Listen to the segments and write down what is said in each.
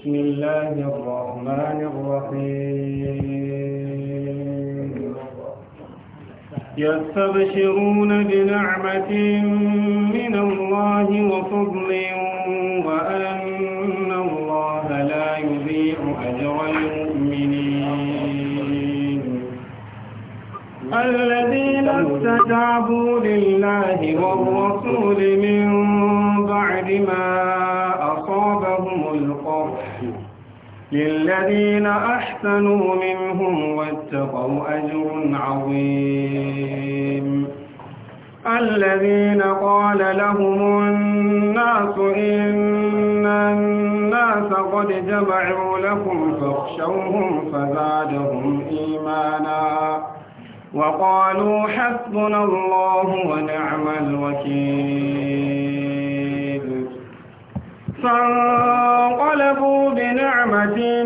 بسم الله الرحمن الرحيم يستبشرون بنعمة من الله وفضل وأن الله لا يضيع أجر المؤمنين الذين استجابوا لله والرسول من بعد ما للذين أحسنوا منهم واتقوا أجر عظيم الذين قال لهم الناس إن الناس قد جمعوا لكم فاخشوهم فزادهم إيمانا وقالوا حسبنا الله ونعم الوكيل فانقلبوا بنعمة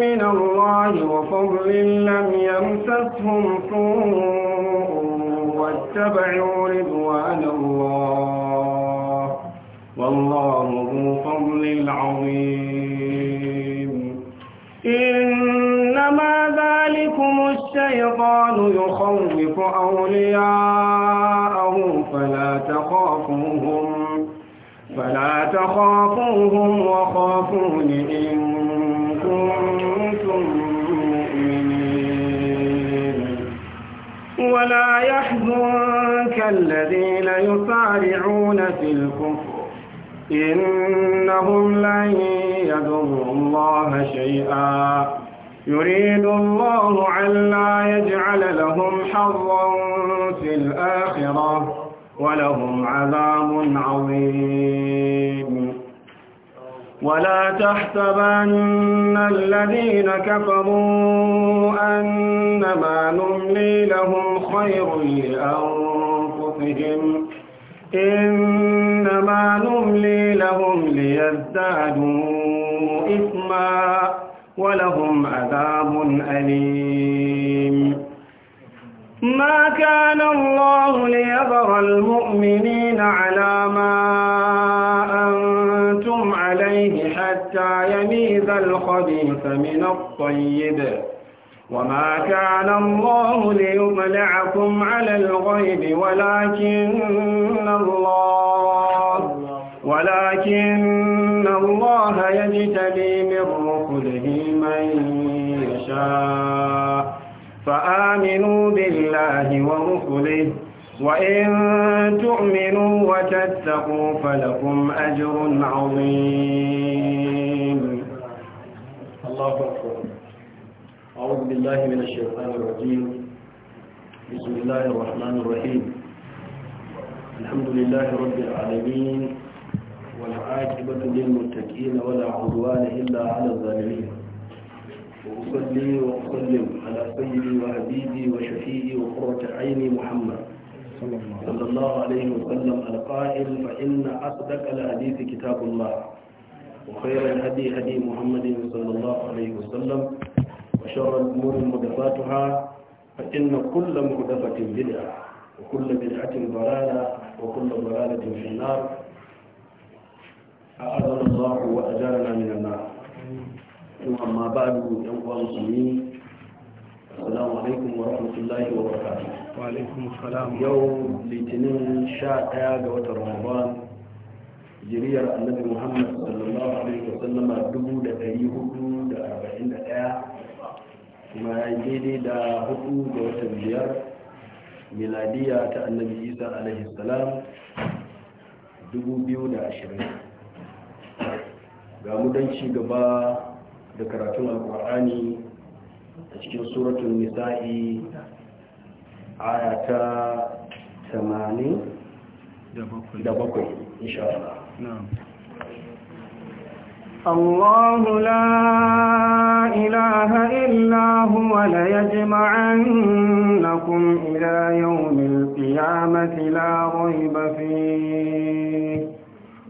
من الله وفضل لم يمسسهم سوء واتبعوا رضوان الله والله ذو فضل عظيم إنما ذلكم الشيطان يخوف أولياءه فلا تخافوهم فلا تخافوهم وخافون إن كنتم مؤمنين ولا يحزنك الذين يسارعون في الكفر إنهم لن يضروا الله شيئا يريد الله أن لا يجعل لهم حظا في الآخرة ولهم عذاب عظيم ولا تحسبن الذين كفروا أنما نملي لهم خير لأنفسهم إنما نملي لهم ليزدادوا إثما ولهم عذاب أليم ما كان الله ليذر المؤمنين على ما أنتم عليه حتى يميز الخبيث من الطيب وما كان الله ليطلعكم على الغيب ولكن الله ولكن الله يجتبي من رسله من يشاء فآمنوا بالله ورسله وإن تؤمنوا وتتقوا فلكم أجر عظيم الله أكبر أعوذ بالله من الشيطان الرجيم بسم الله الرحمن الرحيم الحمد لله رب العالمين والعاقبة للمتقين ولا عدوان إلا على الظالمين وأصلي وأسلم على سيدي وحبيبي وشفيعي وقرة عيني محمد صلى الله عليه وسلم القائل فإن أصدق الحديث كتاب الله وخير الهدي هدي محمد صلى الله عليه وسلم وشر الأمور محدثاتها فإن كل محدثة بدعة وكل بدعة ضلالة وكل ضلالة في النار أعاذنا الله وأجارنا من النار ثم أما بعد ينقوى المسلمين السلام عليكم ورحمة الله وبركاته وعليكم السلام يوم لتنين شاء قوة رمضان جرير النبي محمد صلى الله عليه وسلم دبو دا تريه دا أربعين دا كما يجيدي دا هدو دا وتبير ميلادية النبي إيسا عليه السلام دبو بيو دا عشرين ga mu don ci gaba da karatun alkur'ani a cikin suratun nisa'i aya ta 80 da bakwai insha Allah الله لا إله إلا هو ليجمعنكم إلى يوم القيامة لا ريب فيه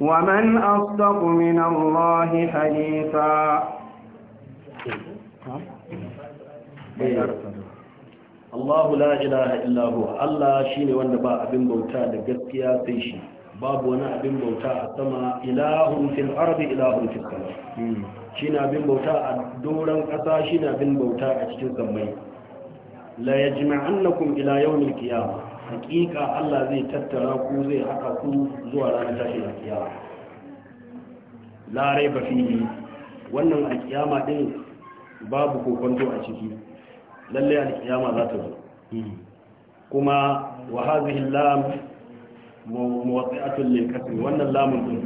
ومن أصدق من الله حديثا Allahu la ilaha illahu Allah shine wanda ba abin bauta da gaskiya sai shi babu wani abin bauta a sama ilahun fil ardi ilahun fil sama hmm. shine abin bauta a doran kasa shine abin bauta a cikin sammai la yajma'annakum ila yawmil qiyamah hakika Allah zai tattara ku zai haka ku zuwa ranar tashin kiyama la raiba fihi wannan a alkiyama din babu kokonto a ciki lalle alkiyama za ta zo kuma wa hadhihi lam muwaqqi'atun lil kasmi wannan lamun din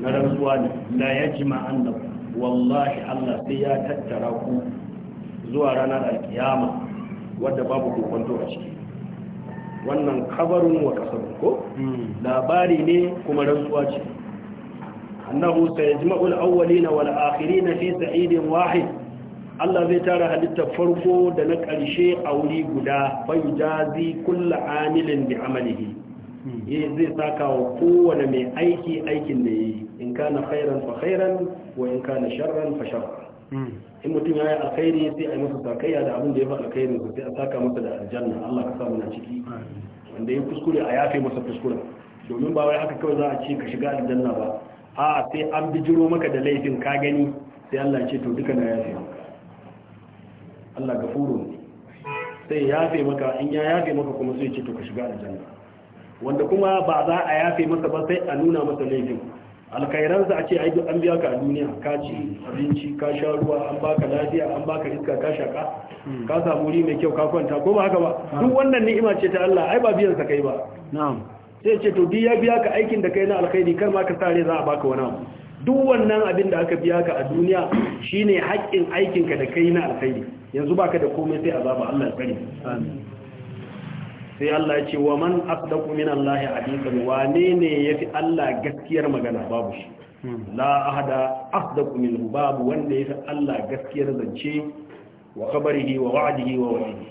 na rantsuwa ne la yajma annab wallahi Allah sai ya tattara ku zuwa ranar alkiyama wadda babu kokonto a ciki wannan kabarun wa kasar ko hmm. labari ne kuma rantsuwa ce annahu sayajma'ul awwalina wal akhirina fi sa'idin wahid Allah zai tara halittar farko da na ƙarshe a wuri guda bai jazi kulla amilin bi amalihi ya eh, zai saka wa kowane mai aiki aikin da ya yi in kana khairan fa khairan wa in kana sharran fa sharran hmm. in mutum ya yi alkhairi sai a yi masa sakayya da abin da ya faɗa alkhairin sai a saka masa da aljanna Allah ka sa na ciki wanda ya kuskure a yafe masa kuskure domin ba wai haka kawai za a ce ka shiga aljanna ba a sai an bijiro maka da laifin ka gani sai Allah ya ce to duka na yafe maka Allah gafuru ne sai ya yafe maka in ya yafe maka kuma sai ce to ka shiga aljanna wanda kuma ba za a yafe masa ba sai a nuna masa laifin alkhairansa a ce ai duk an biya ka a duniya ka ci abinci ka sha ruwa an baka lafiya an baka iska ka shaka hmm. ka samu wuri mai kyau ka kwanta ko ba haka ba hmm. duk wannan ni'ima ce ta Allah ai ba biyan sa kai ba na'am sai ce to duk ya biya ka aikin da kai na alkhairi kar ma ka sare za a baka wani abu duk wannan abin da aka biya ka a duniya shine haƙƙin aikinka da kai na alkhairi yanzu baka da komai sai azaba Allah ya kare sai Allah ya ce wa man asdaqu min Allah hadithan wane ne yafi Allah gaskiyar magana babu shi hmm. la ahada asdaqu min babu wanda yafi Allah gaskiyar zance wa khabarihi wa wa'dihi wa wa'dihi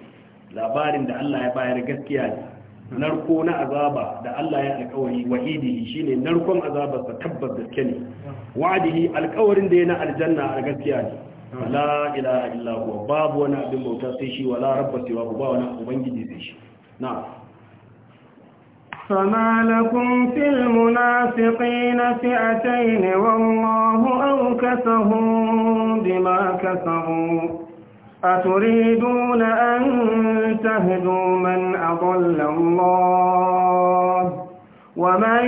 labarin da Allah ya bayar gaskiya ne narko na azaba da Allah ya alkawari wa'idihi shine narkon azaba sa tabbas gaske ne wa'adihi alkawarin da yana aljanna a gaskiya ne la ilaha illa huwa babu wani abin bauta sai shi wala rabba siwa ba wani ubangiji sai shi na'am فما لكم في المنافقين فئتين والله أوكسهم بما كسبوا أتريدون أن تهدوا من أضل الله ومن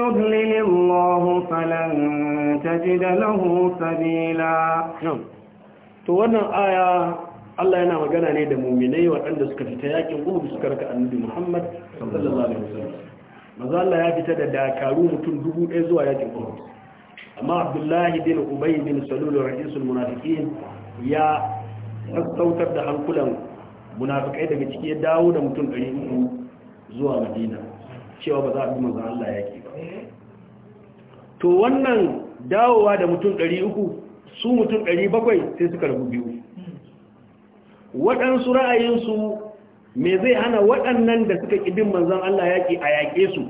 يضلل الله فلن تجد له سبيلا نعم تولنا آية الله ينام قنا نيد مؤمني وعند سكرة تياكي وقوم سكرة النبي محمد صلى الله عليه وسلم مازال لا يجد هذا داكارون تندبو إزوا يجب أما عبد الله بن أبي بن سلول رئيس المنافقين يا sassautar da hankulan munafikai daga ciki ya dawo da mutum 300 zuwa madina cewa ba za a bi manzon Allah ke ba to wannan dawowa da mutum 300 su mutum 700 sai suka rabu biyu waɗansu ra'ayinsu me zai hana waɗannan da suka ƙi bin manzon Allah yaƙi a yaƙe su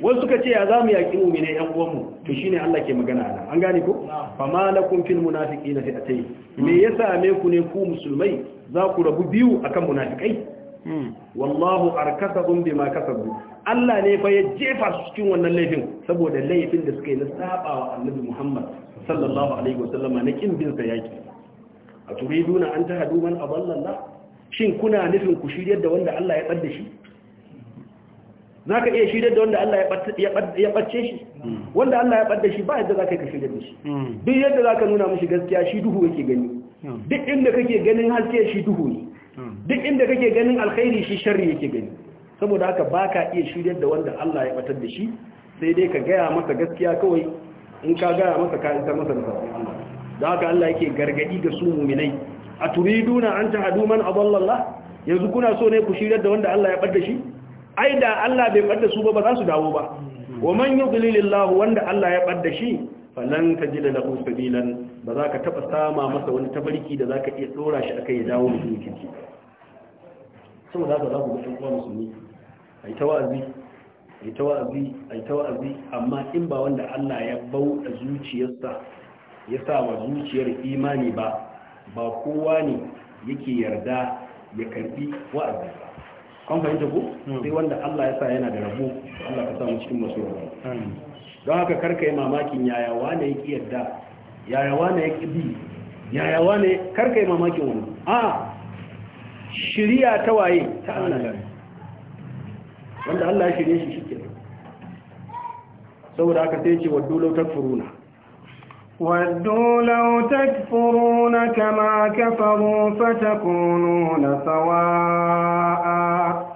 wasu suka ce ya za mu yaƙi mumine ‘yan uwanmu to shi ne Allah ke magana ana an gane ko? ma na kumfin munafiki na fi'atai me ya same ku ne ku musulmai za ku rabu biyu akan munafikai hmm. wallahu ma bima kasabu Allah ne fa ya jefa su cikin wannan laifin saboda laifin da suka yi na sabawa annabi Muhammad sallallahu alaihi wasallama na kin bin sa yaki a turiduna an tahadu man adalla shin kuna nufin ku shiryar da wanda Allah ya tsar da shi za ka iya shirya da wanda Allah ya ɓace shi wanda Allah ya ɓadda shi ba yadda za ka yi ka shirya da shi duk yadda za ka nuna mashi gaskiya shi duhu yake gani duk inda kake ganin haske shi duhu ne duk inda kake ganin alkhairi shi sharri yake gani saboda haka ba ka iya shirya da wanda Allah ya ɓatar da shi sai dai ka gaya masa gaskiya kawai in ka gaya masa ka isa masa da sabon Allah da haka Allah yake gargadi ga su muminai a turiduna an tahadu man adallallah yanzu kuna so ne ku shirya da wanda Allah ya ɓadda shi ai da Allah bai bar su ba ba za su dawo ba wa man yudlilillahu wanda Allah ya bar da shi falan tajida lahu sabilan ba za ka taba sama masa wani tabarki da za ka iya tsora shi akai ya dawo da kirki saboda haka za ku ga kuma musulmi ai ta wa'azi ai ta ai ta amma in ba wanda Allah ya bau da zuciyarsa ya sa wa zuciyar imani ba ba kowa ne yake yarda ya karbi wa'azi ba an fahimta ko hmm. sai wanda Allah ya sa yana da rabu Allah ka sa mu cikin masu rabo hmm. don haka karka yi mamakin yaya wane yake yadda yaya wane yake bi yaya wane karka yi mamakin wani a shirya ta waye ta Allah wanda Allah ya shirye shi shike saboda haka sai ce waddu law takfuruna ودوا لو تكفرون كما كفروا فتكونون سواء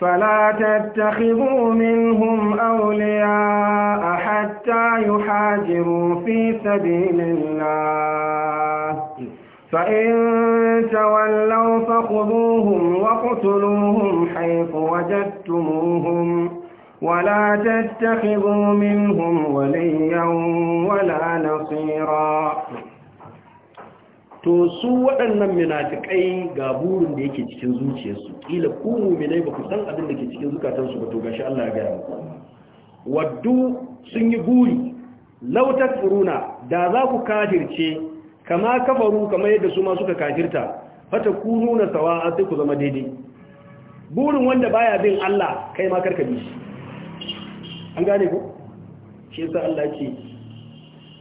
فلا تتخذوا منهم أولياء حتى يحاجروا في سبيل الله فإن تولوا فخذوهم واقتلوهم حيث وجدتموهم ولا تتخذوا منهم وليا ولا نصيرا to su waɗannan minafikai ga burin da yake cikin zuciyarsu kila ku mu'minai ba ku san abin da ke cikin zukatansu ba to gashi Allah ya gaya muku waddu sun yi buri law takfuruna da za ku kafirce kama kafaru kama yadda su ma suka kafirta fata ku nuna sawa'a sai ku zama daidai burin wanda baya bin Allah kai ma karka bi shi an gane ko shi yasa Allah ce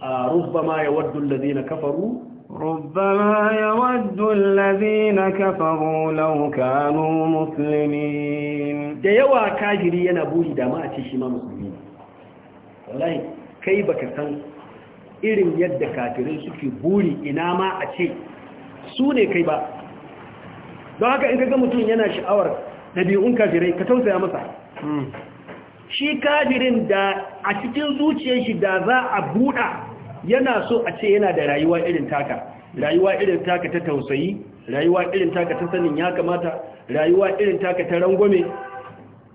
a rubbama waddu allazina kafaru ya waddu الذين kafaru law kanu muslimin da yawa kajiri yana buri da ma a ce shi ma musulmi wallahi kai baka san irin yadda kafirin suke buri ina ma a ce su ne kai ba don haka in ga mutum yana sha'awar dabi'un kafirai ka tausaya masa hmm. shi kafirin da a cikin zuciyar shi da za a buɗa yana so a ce yana da rayuwa irin taka rayuwa irin taka ta tausayi rayuwa irin taka ta sanin ya kamata rayuwa irin taka ta rangwame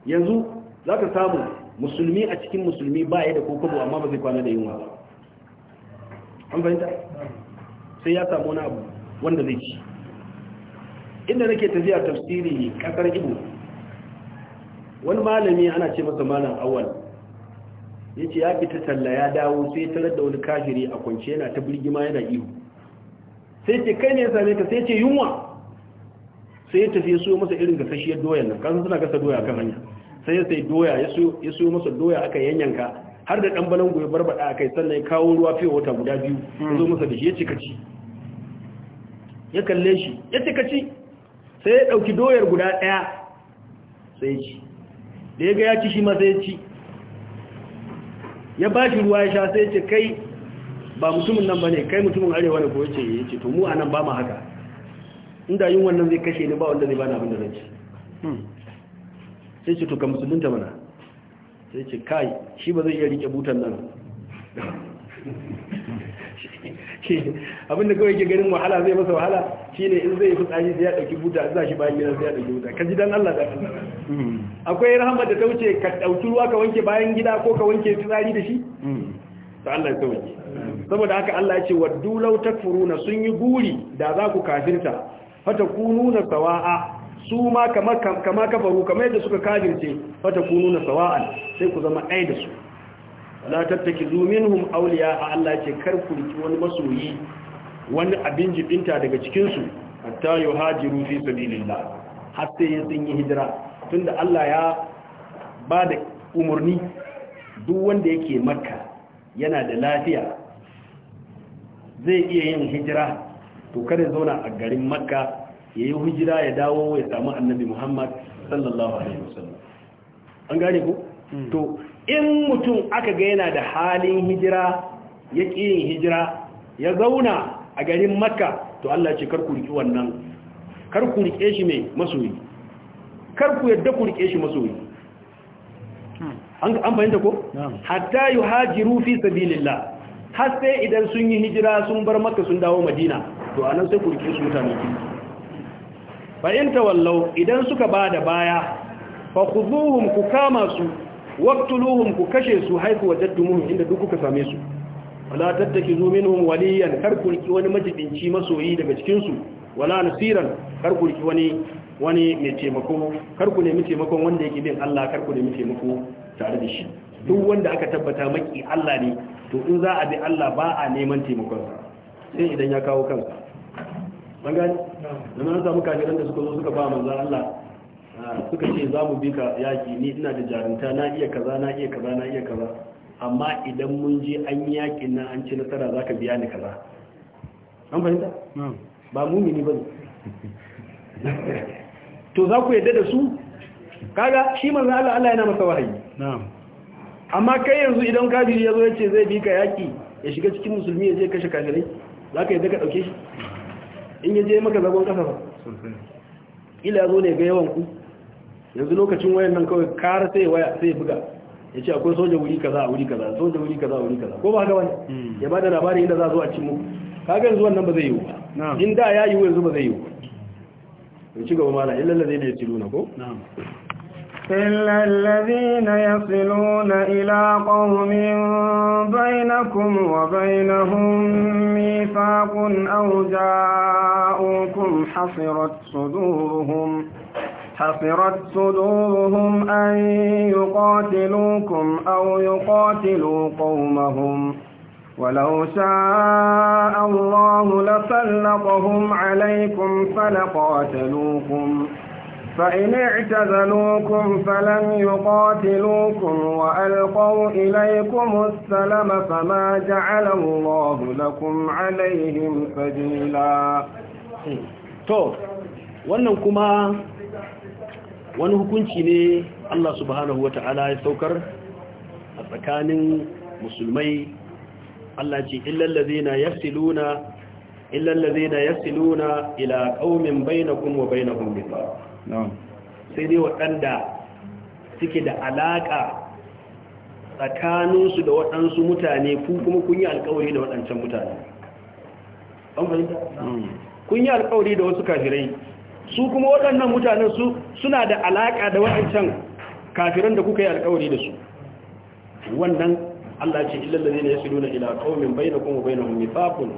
yanzu za ka samu musulmi a cikin musulmi ba ya da kokobo amma ba zai kwana da yunwa ba an fahimta sai ya samu wani abu wanda zai ci inda nake tafiya tafsiri kasar ibo wani malami ana ce masa malam awal ya ce ya fita talla ya dawo sai tarar da wani kashiri a kwance yana ta birgima yana ihu sai ce kai ne ya same ka sai ce yunwa sai ya tafi ya suyo masa irin gasashiyar doyan nan kasan suna gasa doya kan hanya sai ya sai doya ya suyo masa doya aka yanyanka har da ɗan gobe barbaɗa a kai sannan ya kawo ruwa fiye wata guda biyu ya zo masa da shi ya ce kaci ya kalle shi ya ce kaci sai ya ɗauki doyar guda ɗaya sai ya ci da ya ga ya ci shi masa ya ci ya ba shi ruwa ya sha sai ce kai ba mutumin nan ba ne kai mutumin arewa ne ko ya ce eh, ya ce to mu a nan ba ma haka inda yin wannan zai kashe ni ba wanda zai ba na abin da zan ci hmm. sai ce to ka musulunta mana sai ce kai shi ba zai iya rike butan nan abinda kawai ke ganin wahala zai masa wahala shine in zai fitsari sai ya dauki buta za shi bayan gidan sai ya dauki buta kaji dan Allah da akwai rahama da ta wuce ka dauki ruwa ka wanke bayan gida ko ka wanke fitsari da shi to Allah ya wuce. saboda haka Allah ya ce waddu law takfuruna sun yi guri da za ku kafirta fata kununa sawa'a su ma kama kafaru kama yadda suka kafirce fata kununa sawa'an sai ku zama ɗaya da su la tattakizu minhum awliya Allah ya ce kar ku riki wani masoyi wani abin jibinta daga cikinsu hatta yi hajiru fi sabilillah har sai ya sun yi hijira tunda Allah ya ba da umarni duk wanda yake makka yana da lafiya zai iya yin hijira to kada zauna a garin makka ya yi hijira ya dawo ya samu annabi muhammad sallallahu alaihi wasallam an gane ku hmm. to in mutum aka ga yana da halin hijira ya ƙi yin hijira ya zauna a garin makka to Allah ce kar ku wannan kar ku rike shi mai masoyi kar ku yadda ku rike shi masoyi an fahimta ko hatta Haji fi sabilillah har sai idan sun yi hijira sun bar makka sun dawo madina to anan sai ku rike su mutane ki Fahimta in idan suka ba da baya fa khudhuhum ku kama su waktuluhum ku kashe su haifu dumuhun inda duk kuka same su wala tattaki tattakizu minhum waliyan karkulki wani majibinci masoyi daga cikin su wala nasiran karkulki wani wani mai taimako karku ne mai taimakon wanda yake bin Allah karku ne mai taimako tare da shi duk wanda aka tabbata maki Allah ne to in za a bi Allah ba a neman taimakon sa sai idan ya kawo kansa ban gani zama an samu kafiran da suka zo suka ba manzo Allah ah, suka ce za mu bi ka yaki ni ina da jarunta na iya kaza na iya kaza na iya kaza amma idan mun je an yaƙi na an ci nasara za ka biya ni kaza an fahimta ba mumini ba to za ku yadda da su kaga shi manzo Allah Allah yana masa wahayi amma kai yanzu idan kafiri ya zo ya ce zai bi ka yaki ya shiga cikin musulmi ya je kashe kafirai za ka yadda ka ɗauke shi in ya je maka zagon ƙasa ba ila zo ne ga yawan ku yanzu lokacin wayan nan kawai kara sai waya sai buga ya ce akwai soja wuri kaza a wuri kaza soja wuri kaza a wuri kaza ko ba haka wani hmm. ya bada labarin inda za zo a cin muku kaga yanzu wannan ba zai yiwu ba in da ya yiwu yanzu ba zai yiwu ba ci gaba mala illal ladina yasiluna ko na'am إلا الذين يصلون إلى قوم بينكم وبينهم ميثاق أو جاءوكم حصرت صدورهم حفرت صدورهم أن يقاتلوكم أو يقاتلوا قومهم ولو شاء الله لسلطهم عليكم فلقاتلوكم فإن اعتزلوكم فلم يقاتلوكم وألقوا إليكم السلم فما جعل الله لكم عليهم سبيلا. تو wannan wani hukunci ne Allah subhanahu wa ta'ala ya saukar a tsakanin musulmai Allah ce illallazina na illallazina yasiluna ila qaumin kun wa bainahum mithaq sai dai waɗanda suke da alaƙa tsakaninsu da waɗansu mutane ku kuma kun yi alƙawari da waɗancan mutane kun yi alƙawari da wasu kafirai su kuma waɗannan mutanen su suna da alaƙa da waɗancan kafiran da kuka yi alƙawari da su wannan Allah ce ya su nuna ila qaumin bainakum wa bainahum mithaqun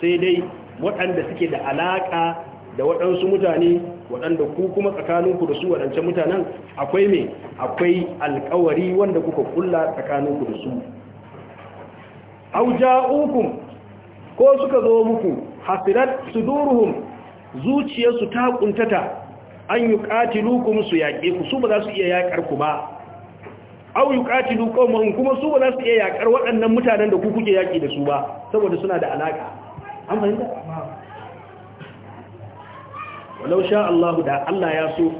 sai dai waɗanda suke da alaƙa da waɗansu mutane waɗanda ku kuma tsakaninku da su waɗancan mutanen akwai me akwai alƙawari wanda kuka kulla tsakaninku da su au ja'ukum ko suka zo muku hasirat suduruhum zuciyarsu ta kuntata an yi katilukum su yaƙe ku su ba za su iya yaƙar ku ba au yi katilu ƙaumahin kuma su ba za su iya yaƙar waɗannan mutanen da ku kuke yaƙi da su ba saboda suna da alaƙa an fahimta walau sha Allah da Allah ya so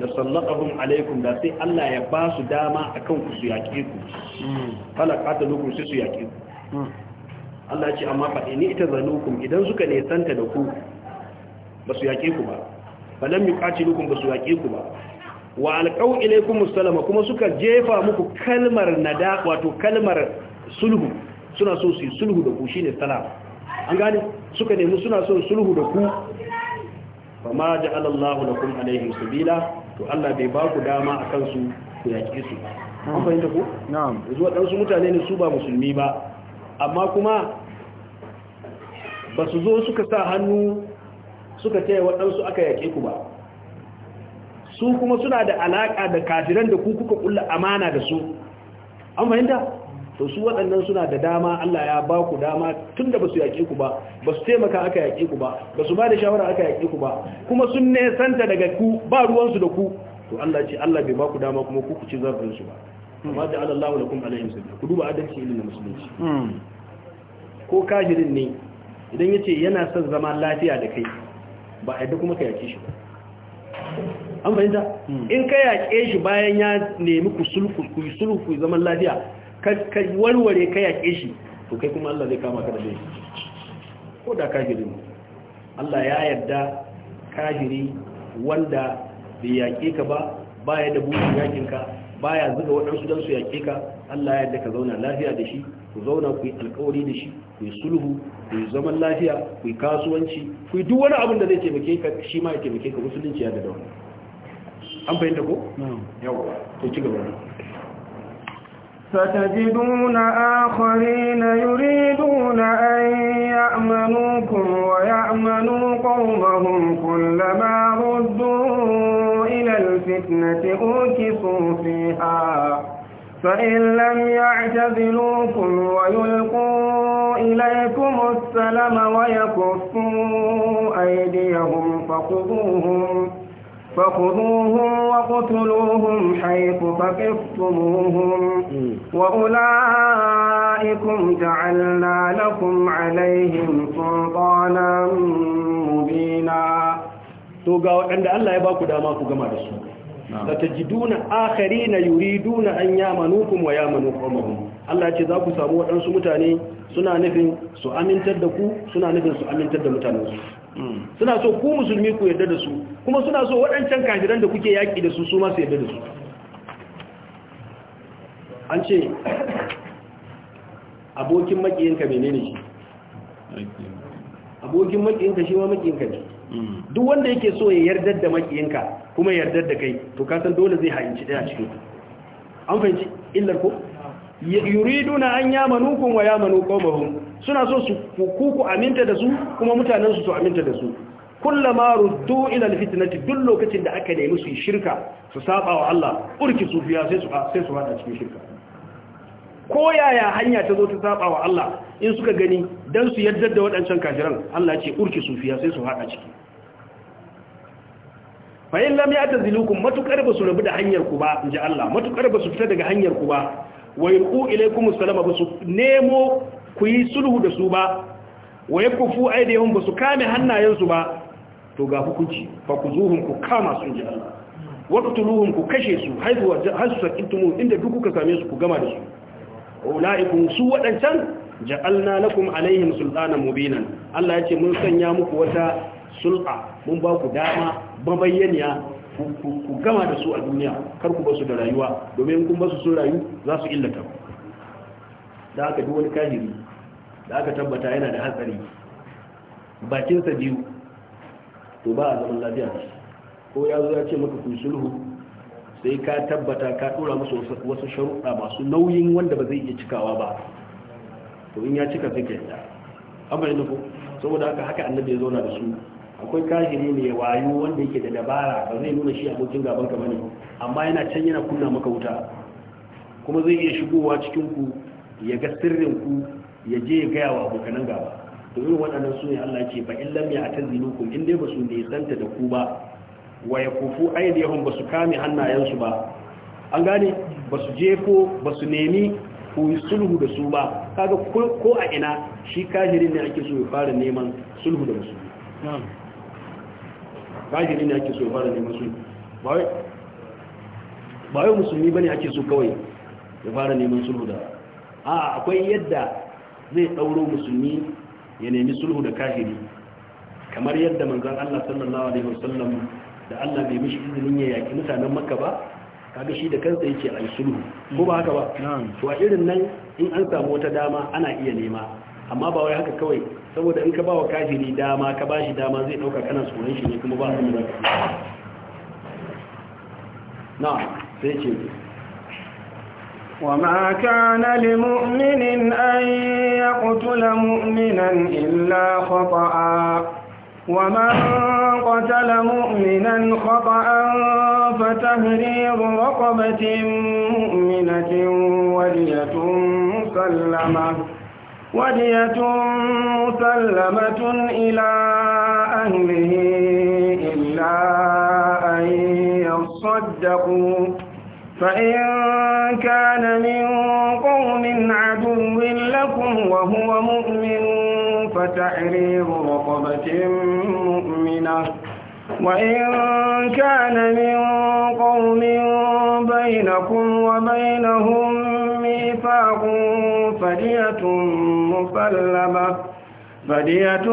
da sallaqahum alaikum da sai Allah ya ba su dama kan ku su yaƙe ku fala sai su yaƙe ku hmm. Allah ce amma faɗi ni ita zanukun idan suka nesanta da ku ba su yaƙe ku ba falam yuqatilukum ba su yaƙe ku ba wa alƙau ilaikun musulama kuma suka jefa muku kalmar nada wato kalmar sulhu suna so su sulhu da ku shi ne salam an gane suka nemi suna so sulhu da ku ba ma ja'ala Allahu lakum alaihi sabila to Allah bai ba ku dama a su ku yaƙe su an fahimta ku? na'am yanzu waɗansu mutane ne su ba musulmi ba amma kuma ba su zo suka sa hannu suka taya waɗansu aka yaƙe ku ba su kuma suna da alaƙa da kafiran da ku kuka ƙulla amana da su an fahimta to su waɗannan suna da dama Allah ya ba ku dama tun da ba su yaƙe ku ba ba su taimaka aka yaƙe ku ba ba su ba da shawara aka yaƙe ku ba kuma sun nesanta daga ku ba ruwansu da ku to Allah ce Allah bai ba ku dama kuma ku ku ci zarafinsu ba amma da Allah lakum alayhi sabila ku duba adalci ilmin musulunci hmm. ko kafirin ne idan yace yana son zama lafiya da kai ba a yadda kuma ka yaƙe shi ba an fahimta in ka yaƙe shi bayan ya nemi ku sulhu ku yi sulhu ku zaman lafiya ka warware ka yaƙe shi to kai kuma Allah zai kama ka da zai ko da kajiri ne Allah ya yarda kafiri wanda bai yaƙe ka ba baya da burin yakin baya zuga waɗansu don su yaƙe ka Allah ya yarda ka zauna lafiya da shi ku zauna ku yi alkawari da shi ku yi sulhu ku yi zaman lafiya ku yi kasuwanci ku yi duk wani abin da zai taimake ka shi ma ya taimake ka musulunci ya da dawo an fahimta ko yawa to ci gaba ستجدون آخرين يريدون أن يأمنوكم ويأمنوا قومهم كلما ردوا إلى الفتنة أوكسوا فيها فإن لم يعتذلوكم ويلقوا إليكم السلم ويكفوا أيديهم فخذوهم فخذوهم وقتلوهم حيث ثقفتموهم وأولئكم جعلنا لكم عليهم سلطانا مبينا to ga waɗanda Allah ya ba ku dama ku gama da su duna na yuri duna an manukun wa ya manukun qawmahum Allah ce za ku samu waɗansu mutane suna nufin su amintar da ku suna nufin su amintar da mutanensu hmm. suna so ku musulmi ku yarda da su kuma suna so waɗancan kafiran da kuke yaƙi da su su masu yadda yarda da su an ce abokin makiyinka ne shi abokin makiyinka shi ma makiyinka ne hmm. duk wanda yake so ya yarda da makiyinka kuma yardar da kai to ka san dole zai hayinci daya cikin ku an fahimci illar ko yuriduna an yamanukum wa yamanu qawmahum suna so su ku ku aminta da su kuma mutanen su su aminta da su kullama ruddu ila alfitnati duk lokacin da aka nemi su shirka su saba wa Allah urki su biya sai su sai su hada cikin shirka ko yaya hanya ta zo ta saba wa Allah in suka gani dan su yaddar da wadancan kafiran Allah ya ce urki su biya sai su hada ciki fa in lam tazilukum matukar basu rubu rabu da hanyar ku ba inji Allah matukar basu fita daga hanyar ku ba wa yulqu ilaykum salama ba su nemo ku yi sulhu da su ba wa yakufu aydihum ba su kame hannayensu ba to ga hukunci fa kuzuhum ku kama su inji Allah qtuluhum ku kashe su hasu hasakintum inda duk kuka same su ku gama da su ulaikum su wadancan ja'alna lakum alaihim sultanan mubinan Allah ya ce mun sanya muku wata sul'a mun ba ku dama mabayyaniya ku gama da su a duniya kar ku basu da rayuwa domin kun basu sun rayu za su illata da aka duk wani kahiri da aka tabbata yana da hatsari bakinsa biyu to ba a zaman lafiya ko ya zo ya ce maka ku sulhu sai ka tabbata ka dora musu wasu sharuɗa masu nauyin wanda ba zai iya cikawa ba to in ya cika zai ka amma ko saboda haka haka annabi ya zauna da su akwai kahiri ya wayo wanda yake da dabara ba zai nuna shi abokin gaban ka bane amma yana can yana kunna maka wuta kuma zai iya shigowa cikin ku ya ga sirrin ku ya je ya gaya wa abokanan gaba to irin waɗannan su ne Allah ce ba in lam ya'tazilukum in dai basu ne santa da ku ba waya wa da aydihum basu kame hannayensu ba an gane basu jefo basu nemi ku sulhu da su ba kaga ko a ina shi kafirin ne ake so ya fara neman sulhu da musulmi kafiri ne ake so ya fara neman sulhu ba wai musulmi ne ake so kawai ya fara neman sulhu da a akwai yadda zai ɗauro musulmi ya nemi sulhu da kafiri kamar yadda manzan Allah sallallahu alaihi wasallam da Allah bai mishi izinin ya yaki mutanen Makka ba kaga shi da kansa yake yi sulhu ko ba haka ba to a irin nan in an samu wata dama ana iya nema amma ba wai haka kawai saboda in ka ba wa kafiri dama ka ba shi dama zai ɗauka kana tsoron shi ne kuma ba su da na sai ce وما كان لمؤمن أن يقتل مؤمنا إلا خطأ ومن قتل مؤمنا خطأ فتهرير رقبة مؤمنة ولية مسلمة ودية مسلمة إلى أهله إلا أن يصدقوا فإن كان من قوم عدو لكم وهو مؤمن فتحرير رقبة مؤمنة وإن كان من قوم بينكم وبينهم ميثاق فدية مسلمة فدية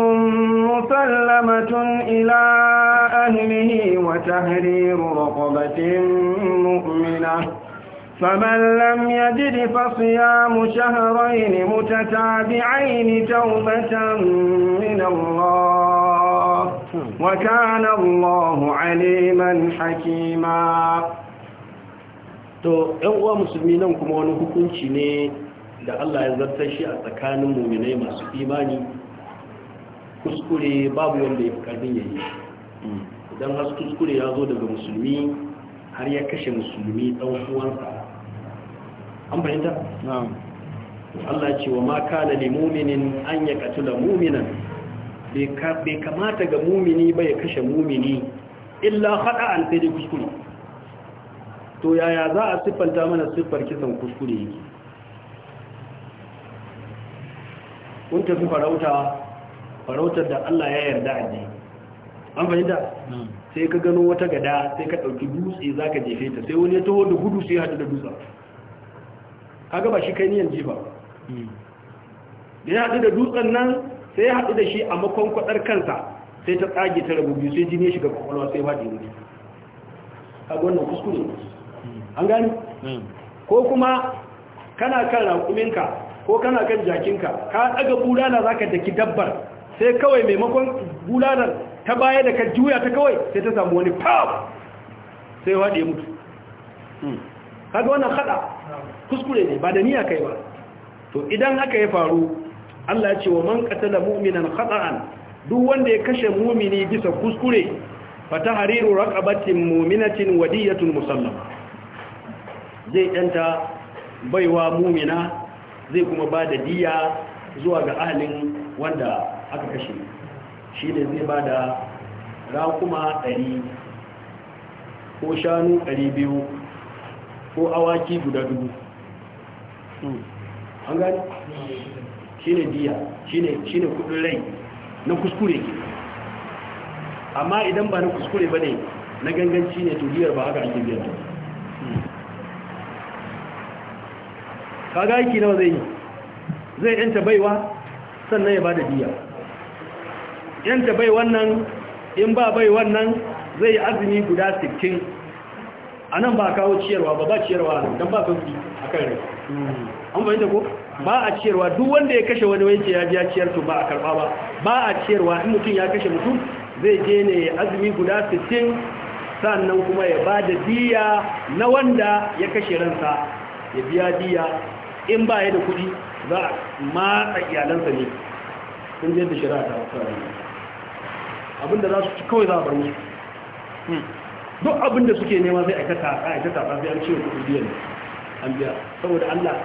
مسلمة إلى أهله وتهرير رقبة مؤمنة فمن لم يجد فصيام شهرين متتابعين توبة من الله وكان الله عليما حكيما to ‘yan uwa musulmi nan kuma wani hukunci ne da Allah ya zartar shi a tsakanin muminai masu imani kuskure babu wanda ya fi karfin yayi idan hasu kuskure ya zo daga musulmi har ya kashe musulmi dan uwansa an fahimta na'am Allah ce wa maka na ne mu'minin an da mu'minan bai kamata ga mumini ba ya kashe mumini illa haɗa sai dai kuskure to yaya za a siffanta mana siffar kisan kuskure yake kun tafi farauta farautar da Allah ya yarda a ji an fahimta sai ka gano wata gada sai ka ɗauki dutse za ka jefe ta sai wani ya taho da gudu sai haɗu da dutsen ka gaba shi kai niyan jefa hmm. da ya haɗu da dutsen nan sai ya haɗu da shi a makon kwaɗar kansa sai ta tsage ta rabu biyu sai jini ya shiga kwakwalwa sai ba da yi kaga wannan kuskure hmm. an gani ko kuma kana kan raƙuminka ko kana kan jakinka ka daga bulana zaka daki dabbar sai kawai maimakon bulalar ta baya da ka juya ta kawai sai ta samu wani pow sai wade mutu hmm. kaga wannan hada kuskure ne ba da niyya kai ba to idan haka ya faru Allah ya ce wa man qatala mu'minan khata'an duk wanda ya kashe mumini bisa kuskure fata hariru raqabatin mu'minatin wadiyatun musallama zai yanta baiwa mumina zai kuma ba da diya zuwa ga ahalin wanda aka kashe shi ne zai ba da rakuma ɗari ko shanu ɗari biyu ko awaki guda dubu an gani shi ne diya shi ne kudin rai na kuskure ke. amma idan ba na kuskure ba ne na ganganci ne to diyar ba haka ake biyar kaga aiki nawa zai yi zai yanta baiwa sannan ya bada biya yanta bai wannan in ba bai wannan zai yi azumi guda 60 a nan ba kawo ciyarwa ba ba ciyarwa don ba sauki a kan rai an fahimta ko ba a ciyarwa duk wanda ya kashe wani wanke ya biya ciyar to ba a karba ba ba a ciyarwa in mutum ya kashe mutum zai je ne azumi guda 60 sannan kuma ya ba da diya na wanda ya kashe ransa ya biya diya in ba ya da kudi za a matsa iyalansa ne sun je da shari'a ta wasu abinda za su ci kawai za a bar musu hmm. duk abinda suke nema sai aikata a aikata ba sai an ce kuɗi biyan an biya saboda Allah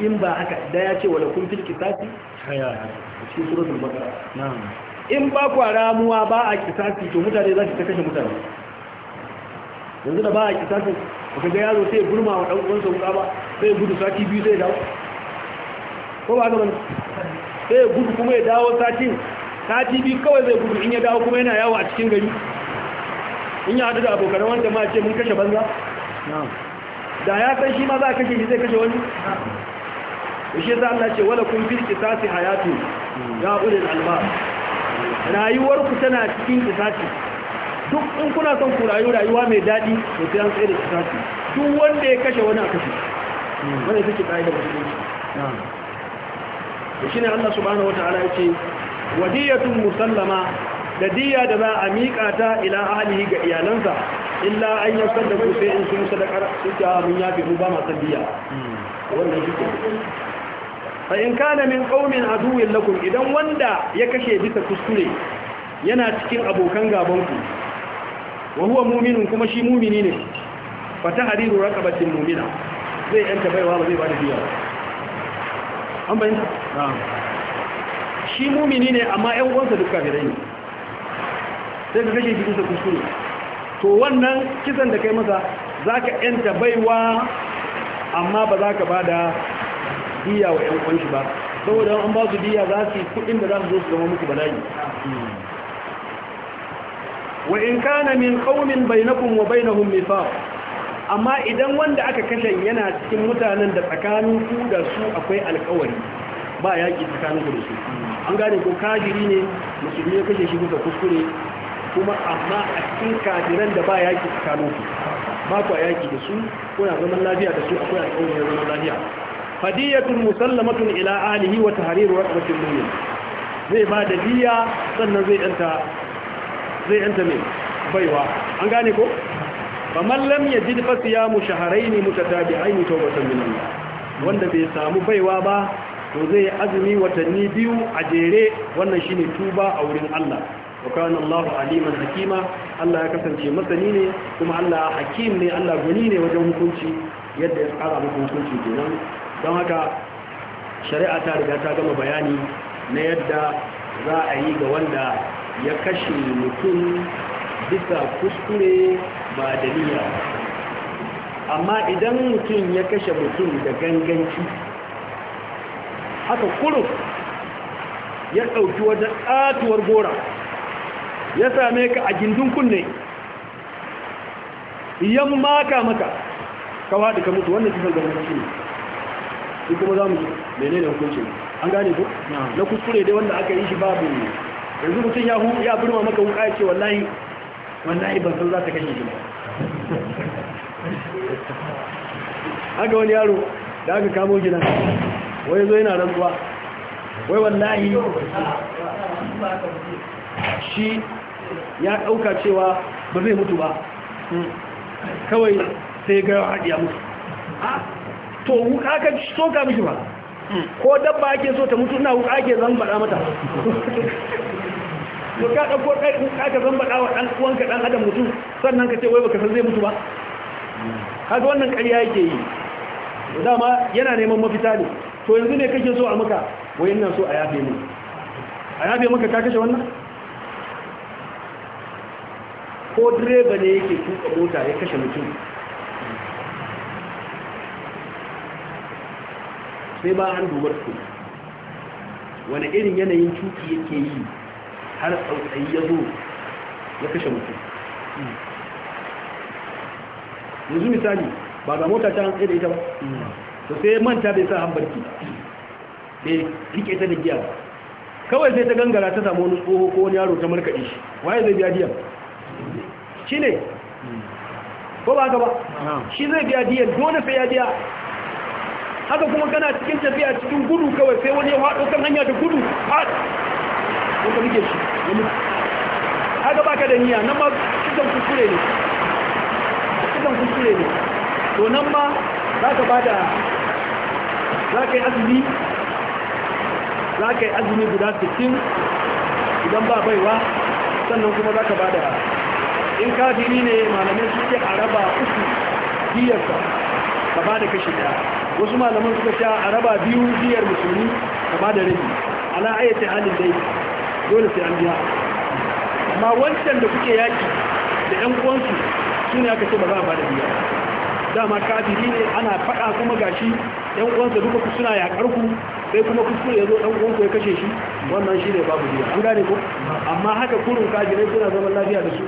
in ba haka da ya ce wala kun fil qisasi haya a cikin suratul baqara na'am in ba kwa ramuwa ba a qisasi to mutane za su ta kashe mutane yanzu da ba a kisasin ka ga yaro sai gurma wa dan uwansa wuka ba sai gudu sati biyu sai dawo ko ba gaban sai gudu kuma ya dawo satin sati biyu kawai zai gudu in ya dawo kuma yana yawo a cikin gari in ya hadu da abokan wanda ma ce mun kashe banza da ya san shi ma za a kashe shi zai kashe wani ishe za Allah ce wala kun fil qisasi hayatu ya ulil albab rayuwarku tana cikin qisasi duk in kuna son ku rayu rayuwa mai daɗi da sai an tsaye da kisasi duk wanda ya kashe wani a kashe wanda ya take ƙa'ida musulunci da shi ne allah subhanahu wata'ala ya ce wadiyatun musallama da diya da za a miƙa ta ila ahalihi ga iyalansa illa an yi da ku sai in sun sadakar suke ah, mun yafi mu ba masu diya hmm. wannan shi ke fa in kana min qaumin aduwwin lakum idan wanda ya kashe bisa kuskure yana cikin abokan gabanku wa huwa kuma shi mu'mini ne fa tahriru raqabatin mu'mina zai yanta baiwa ba zai bada biya an bayin shi mu'mini ne amma ƴan uwansa duk kafirai ne sai ka kashe shi bisa kuskure to wannan kisan da kai masa zaka yanta baiwa amma ba za ka bada biya wa 'yan uwansa ba saboda an ba su biya za su kudin da za su zo su zama muku bala'i wa in kana min qaumin bainakum wa bainahum mithaq amma idan wanda aka kashe yana cikin mutanen da tsakanin ku da su akwai alƙawari ba yaƙi tsakanin ku da su an gane ko kafiri ne musulmi ya kashe shi kuka kuskure kuma amma a cikin kafiran da ba yaƙi tsakanin ku ba ku yaƙi da su kuna zaman lafiya da su akwai alƙawari na zaman lafiya fadiyatun musallamatun ila alihi wa tahriru raqabatil mu'min zai ba da diya sannan zai danta zai yanta ne baiwa an gane ko faman ya mu fa siyamu shahrayn mutatabi'ain tawbatan min Allah wanda bai samu baiwa ba to zai azumi watanni biyu a jere wannan shine tuba a wurin Allah wa kana Allahu aliman hakima Allah ya kasance masani ne kuma Allah hakim ne Allah gani ne wajen hukunci yadda ya tsara muku hukunci kenan don haka shari'a ta riga ta gama bayani na yadda za a yi ga wanda ya kashe mutum bisa kuskure ba da niyya amma idan mutum ya kashe mutum da ganganci haka kurus ya ɗauki wata ƙatuwar gora ya same ka a gindin kunne yan maka maka kawa da ka mutu wannan kisan ganganci ne su kuma za mu mene ne hukuncin an gane ko na kuskure dai wanda aka yi shi babu ne yanzu mutum ya ya burma maka wuka ya ce wallahi wallahi ban san za ta kashe shi ba haka wani yaro da aka kamo gina wai zo yana rantsuwa wai wallahi shi ya ɗauka cewa ba zai mutu ba kawai sai ga haɗi ya mutu to wuka ka soka mishi ba ko dabba ake so ta mutu na wuka ake zan faɗa mata to ka dauko kai ku ka zambada wa dan ɗan dan adam mutu sannan ka ce wai baka san zai mutu ba kaga wannan ƙarya yake yi dama yana neman mafita ne to yanzu ne kake so a maka wai ina so a yafe mu a yafe maka ka kashe wannan ko direba ne yake tuka mota ya kashe mutum sai ba an dubar ku. wani irin yanayin tuki yake yi har tsautsayi ya zo ya kashe mutum yanzu misali ba ga mota ta hantsai da ita ba to sai manta bai sa hambarki bai rike ta da giya ba kawai sai ta gangara ta samu wani tsoho ko wani yaro ta markaɗe shi waye zai biya diyan shi ne ko ba ba shi zai biya diyan dole sai ya biya haka kuma kana cikin tafiya cikin gudu kawai sai wani ya haɗo kan hanya da gudu a wanda muke shi haka baka da niyya nan ma kisan kuskure ne kisan kuskure ne to nan ba za ka ba da za ka yi azumi za ka yi azumi guda 60 idan ba baiwa sannan kuma za ka ba da in ka kafiri ne malamai suke a raba uku biyarsa ka ba da kashi daya wasu malaman suka sha a raba biyu biyar musulmi ka ba da rabi ala ayyata halin dai dole sai an biya amma wancan da kuke yaki da yan uwansu su ne aka ce ba za a ba da biya dama kafiri ne ana faɗa kuma gashi yan uwansa duka ku suna yaƙar ku sai kuma kuskure ya zo ɗan kwansu ya kashe shi wannan shi ne babu biya an gane ko amma haka kurun kafirai suna zaman lafiya da su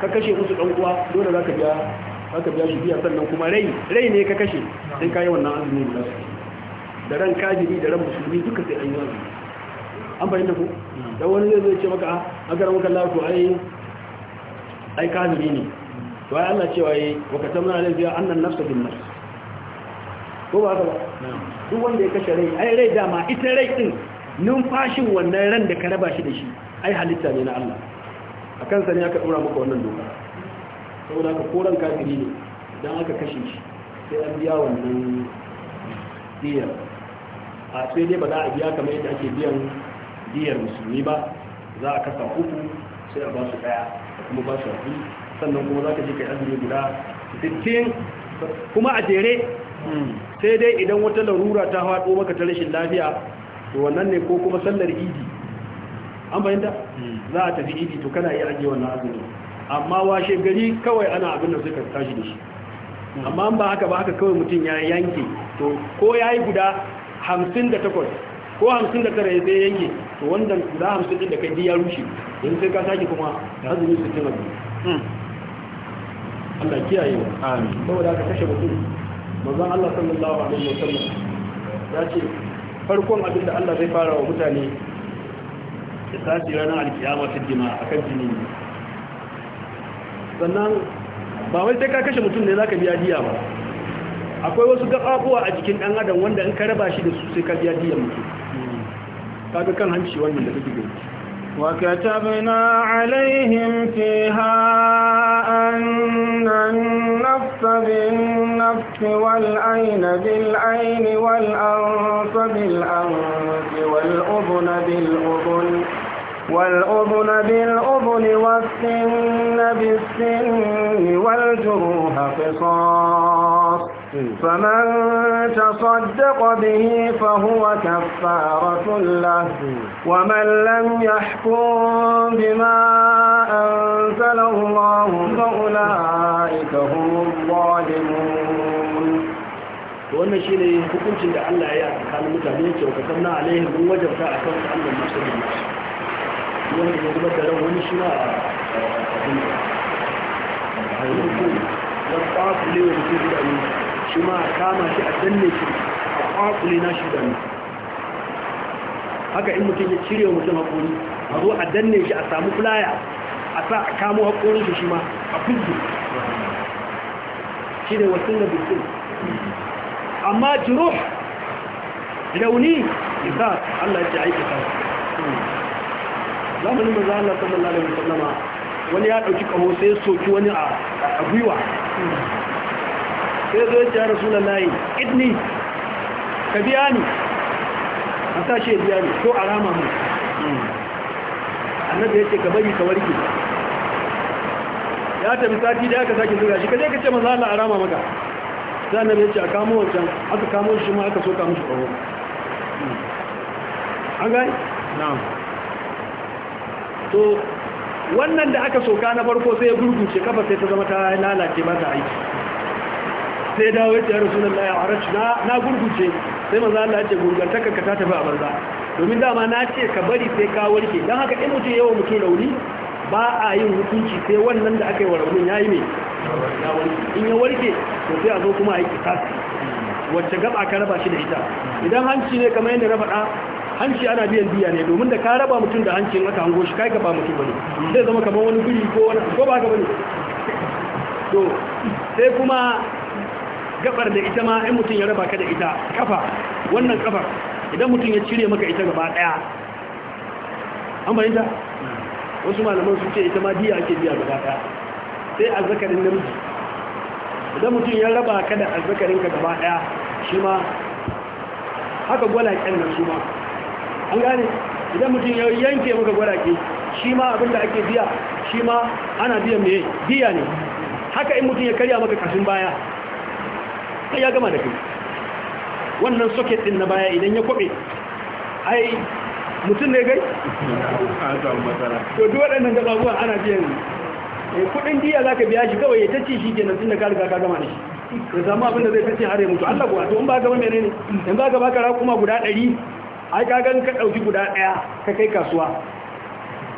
ka kashe musu dan uwa dole za ka biya haka biya shi biya sannan kuma rai rai ne ka kashe sai ka yi wannan azumi da da ran kajiri da ran musulmi duka sai an yi azumi an fahimta ku da wani zai zai ce maka a ah, garin wakan lafi ai ai kaziri ne to ai Allah cewa yi waka tamna alai biya annan nafsa din nafs ko ba ka ba duk wanda ya kashe rai ai rai dama ita rai din numfashin wannan ran da ka raba shi da shi ai halitta ne na Allah a kansa ne aka dora maka wannan doka saboda haka koran kafiri ne idan aka kashe shi sai an biya wannan diyar a sai dai ba za a biya kamar yadda ake biyan diyar musulmi ba za a kasa uku sai a ba su daya da kuma ba su hafi sannan kuma za ka je kai azumi guda 15 kuma a jere hmm. sai dai idan wata larura ta haɗo maka ta rashin lafiya to wannan ne ko kuma sallar idi an bayyanta hmm. za a tafi idi to kana yi ajiye wannan azumi amma washe gari kawai ana abin da suka tashi da shi hmm. amma ba haka ba haka kawai mutum ya yanke to ko ya yi guda hamsin da takwas ko hamsin da tara sai yanke to wanda za hamsin din da kai ya rushe yanzu sai ka sake kuma azumi su tana biyu Allah kiyaye wa amin saboda aka kashe mutum manzon Allah sallallahu alaihi wasallam ya ce farkon abin da Allah zai fara wa mutane da sashi ranar alkiyama ta jima a kan jini sannan ba wai sai ka kashe mutum ne za ka biya diya ba akwai wasu gafafuwa a cikin ɗan adam wanda in ka raba shi da su sai ka biya diyan mutum kaga kan hanci wannan da kake gani وكتبنا عليهم فيها أن النفس بالنفس والعين بالعين والأنف بالأنف والأذن بالأذن والأذن بالأذن والسن بالسن والجروح قصاص فمن تصدق به فهو كفارة له ومن لم يحكم بما أنزل الله فأولئك هم الظالمون wannan shi ne hukuncin da Allah ya tsakanin mutane ce wa kasan na alaihi mun wajabta a kan Allah masu da masu wanda ya zubar da ran wani shi na a duniya. Wani ba su lewa mutum da aminci. shi ma a kama shi a danne shi a kwakule na shi dami haka in mutum ya cire wa mutum haƙori a zo a danne shi a samu fulaya a sa a kamo haƙorin shi shi ma a kudu shi ne wasu na bisu amma jiro rauni isa Allah ya aiki ta zamanin maza Allah sallallahu alaihi wasallama wani ya ɗauki ƙaho sai soki wani a gwiwa sai zo ya rasulullahi idni ka biya ni a sashe biya ni ko a rama mu annabi ya ce ka bari ka warke ya tafi sati da aka sake zuga shi ka je ka ce maza Allah a rama maka sai annabi ya ce a kamo wancan aka kamo shi ma aka soka mushi kawo, an gani? na'am to wannan da aka soka na farko sai ya gurgunce kafa sai ta zama ta lalace ba ta aiki sai dawo ya rasu rasulullahi ya harash na na gurguce sai maza Allah ya ce gurgantaka ka ta tafi a banza domin dama na ce ka bari sai ka warke don haka in mutum yawan mutum rauni ba a yin hukunci sai wannan da aka yi wa raunin yayi me ya warke in ya warke to sai a zo kuma a yi kisasi wacce gaba ka raba shi da ita idan hanci ne kamar yadda raba hanci ana biyan biya ne domin da ka raba mutum da hanci in aka hango shi kai ka ba mutum bane zai zama kamar wani guri ko wani ko ba ka bane to sai kuma gabar da ita ma in mutum ya raba ka da ita kafa wannan kafar idan mutum ya cire maka ita gaba daya an bayyanta wasu malaman su ce ita ma diya ake biya gaba daya sai azzakarin namiji idan mutum ya raba ka da azzakarin ka gaba daya shi ma haka gwalaken nan su ma an gane idan mutum ya yanke maka gwalaki shi ma abinda ake biya shi ma ana biyan mai biya ne haka in mutum ya karya maka kashin baya ai ya gama da kai wannan socket din na baya idan ya kwabe ai mutum ne gai? to duk waɗannan gababuwan ana biyan eh, kudin diya za ka biya shi kawai ya tacce shi kenan tunda ka riga ka gama da shi ya samu abinda zai tace har ya mutu Allah kuwa to in ba gaba menene in ba gaba kara kuma guda 100 ai ka ga ka dauki guda daya ka kai kasuwa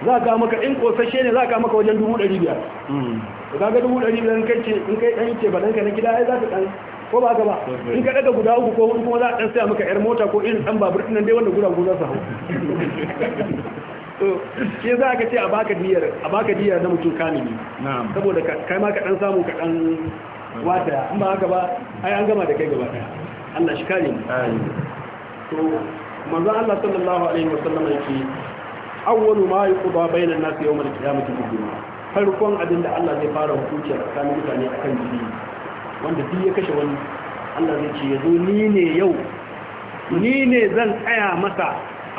za ka maka in kosashe ne za ka maka wajen 1500 hmm. to kaga 1500 kai ce in kai dan ce ba ka na gida ai za ka dan ko ba ka ba in ka daga guda uku ko in kuma za a dan saya maka yar mota ko irin dan babur nan dai wanda guda guda za su hau ke za ka ce a baka diyar a baka diyar na mutum kamili saboda kai ma ka dan samu ka dan wata in ba haka ba ai an gama da kai gaba daya Allah shi kare mu to manzo Allah sallallahu alaihi wasallam yake awwalu ma yuqda bainan nas yawm al-qiyamati bi-dunya farkon abin da Allah zai fara hukunci tsakanin mutane akan jini wanda duk ya kashe wani Allah zai ce yazo ni ne yau ni ne zan tsaya masa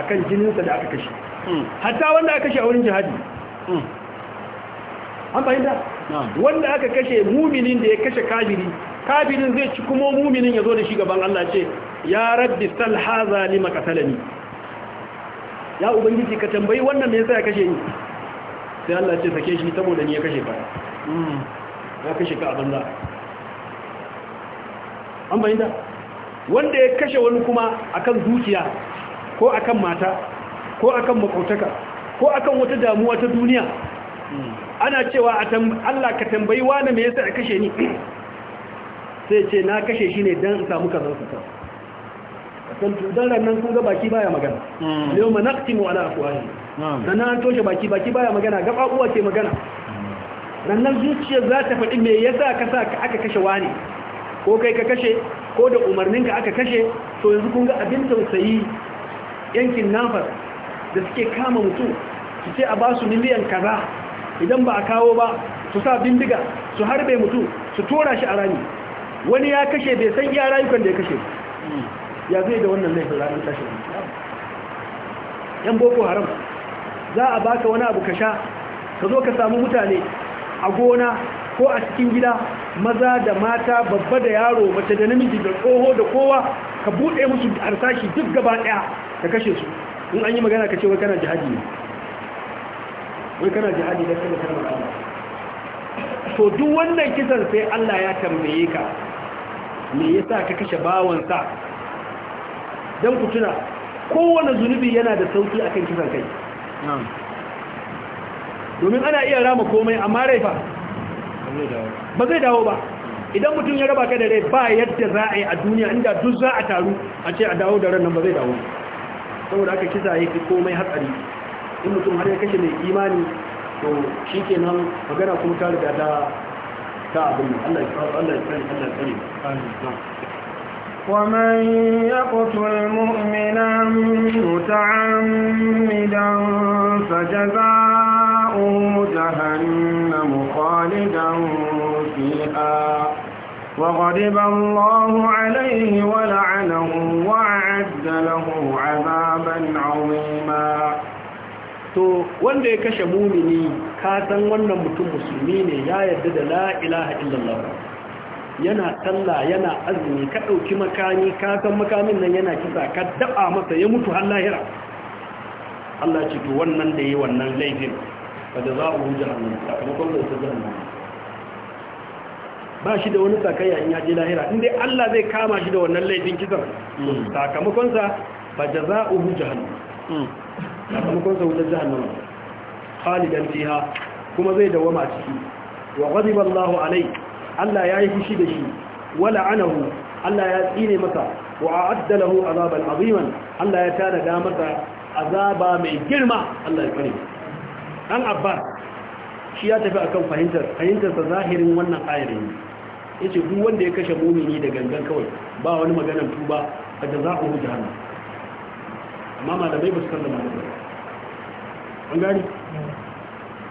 akan jininsa da aka kashe hmm. hatta wanda aka kashe a wurin jihadi hmm. an fahimta wanda aka kashe muminin da ya kashe kafiri kafirin zai ci kuma muminin ya zo da shi gaban Allah ce ya rabbi sal ni lima qatalani ya ubangiji ka tambayi wannan me yasa ya kashe ni sai Allah ce sake shi saboda ni ya kashe ka hmm. ya kashe ka a banza an bayyana wanda ya kashe wani kuma akan dukiya ko akan mata ko akan makautaka ko akan wata damuwa ta duniya ana cewa Allah ka tambayi wani me yasa kashe ni sai ce na kashe shi ne don samu kazan ta kan tudan rannan kun ga baki baya magana mm. yau ma naqtimu ala afwahi dan an toshe baki baki baya magana gaba uwa ce magana mm. rannan zuciya za ta faɗi me yasa ka sa aka kashe wani ko kai ka kashe ko da umarninka aka kashe to yanzu kun ga abin tausayi yankin nafar da suke kama mutum su ce a ba su miliyan kaza idan ba a kawo ba su sa bindiga su harbe mutum su tora shi a rami wani ya kashe bai san iya rayukan da ya kashe ya zai da wannan laifin ranar tashin yan boko haram za a baka wani abu ka sha ka zo ka samu mutane a gona ko a cikin gida maza da mata babba da yaro mace da namiji da tsoho da kowa ka buɗe musu harsashi duk gaba ɗaya ka kashe su in an yi magana ka ce wai kana jihadi ne wai kana jihadi da kana karɓar to duk wannan kisan sai Allah ya tambaye ka me yasa ka kashe bawansa dan ku tuna kowane zunubi yana da sauki akan kisan kai domin ana iya rama komai amma rai fa ba zai dawo ba idan mutum ya raba ka da rai ba yadda za a yi a duniya inda duk za a taru a ce a dawo da ran nan ba zai dawo saboda aka kisa ya fi komai hatsari in mutum har ya kashe mai imani to shi ke nan magana kuma ta riga ta abin Allah ya tsari Allah ya tsari ومن يقتل مؤمنا متعمدا فجزاؤه جهنم خالدا فيها وغرب الله عليه ولعنه وعد له عذابا عظيما to wanda ya kashe mumini ka san wannan mutum musulmi ne ya yarda da la ilaha illallah yana talla, yana azumi ka ɗauki makami ka san makamin nan yana kisa ka daɓa masa ya mutu har lahira Allah ce to wannan da yi wannan laifin ba da za a wujar annan sakamakon zai ta zan ba shi da wani sakayya in ya je lahira in dai Allah zai kama shi da wannan laifin kisan hmm. sakamakonsa ba da za a wujar annan hmm. sakamakonsa wutar jahannan khalidan fiha kuma zai dawama ciki wa ghadiba Allahu alayhi Allah ya yi fushi da shi wala anahu Allah ya tsine masa wa a'adda azaban aziman Allah ya tana da masa azaba mai girma Allah ya kare dan Abbas shi ya tafi akan fahimtar fahimtar sa zahirin wannan ayar ne yace duk wanda ya kashe mumini da gangan kawai ba wani maganar tuba fa jazaohu jahannam amma malamai ba su kallama da an gani hmm.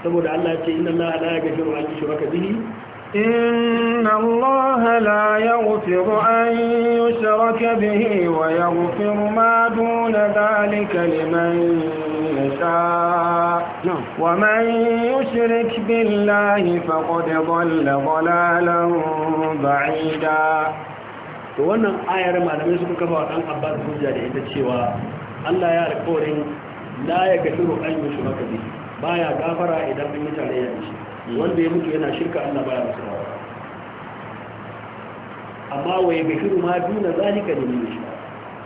saboda Allah ya ce inna Allah la yaghfiru an yushraka bihi إن الله لا يغفر أن يشرك به ويغفر ما دون ذلك لمن يشاء ومن يشرك بالله فقد ضل ضلالا بعيدا wannan ayar malamai suka kafa wa ɗan abbas hujja da ita cewa Allah ya alƙawarin la ya gafiru an yushraka ba baya gafara idan an yi tarayya da shi Hmm. wanda ya mutu yana shirka Allah baya masarawa rawa amma bai yaghfiru ma duna zalika liman shi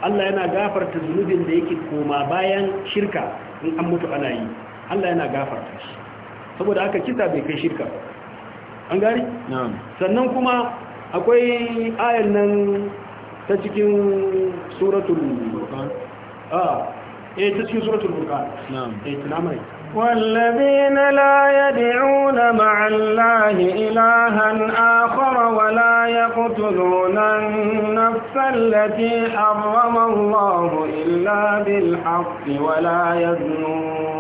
Allah yana gafarta zunubin da yake koma bayan shirka in an mutu ana yi Allah yana gafarta shi saboda aka kisa bai kai shirka an gari sannan kuma akwai ayan nan ta cikin suratul burkan ah eh ta cikin suratul burkan na'am eh tunamai والذين لا يدعون مع الله إلها آخر ولا يقتلون النفس التي حرم الله إلا بالحق ولا يزنون